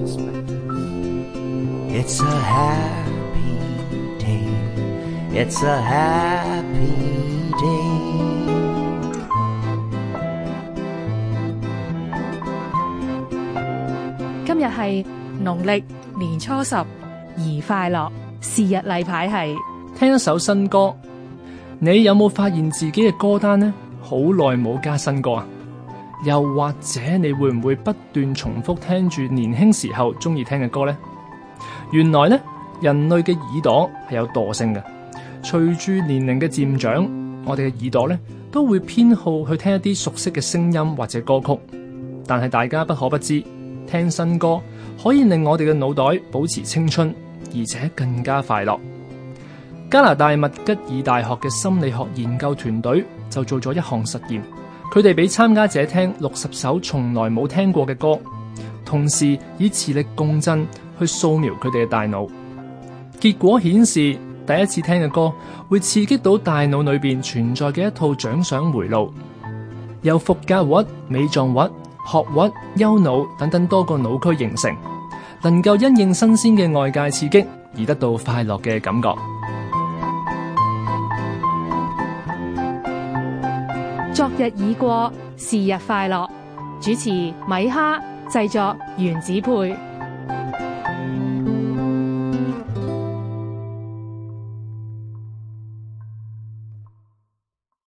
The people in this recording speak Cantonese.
It's a happy day. It's a happy day. 今日係農曆年初十，宜快樂，是日例牌係聽一首新歌。你有冇發現自己嘅歌單呢？好耐冇加新歌啊！又或者你會唔會不斷重複聽住年輕時候中意聽嘅歌呢？原來呢，人類嘅耳朵係有惰性嘅，隨住年齡嘅漸長，我哋嘅耳朵呢都會偏好去聽一啲熟悉嘅聲音或者歌曲。但係大家不可不知，聽新歌可以令我哋嘅腦袋保持青春，而且更加快樂。加拿大麥吉爾大學嘅心理學研究團隊就做咗一項實驗。佢哋俾參加者聽六十首從來冇聽過嘅歌，同時以磁力共振去掃描佢哋嘅大腦。結果顯示，第一次聽嘅歌會刺激到大腦裏邊存在嘅一套獎賞回路，由伏隔核、尾狀核、殼核、丘腦等等多個腦區形成，能夠因應新鮮嘅外界刺激而得到快樂嘅感覺。昨日已過，是日快樂。主持米哈，製作原子配。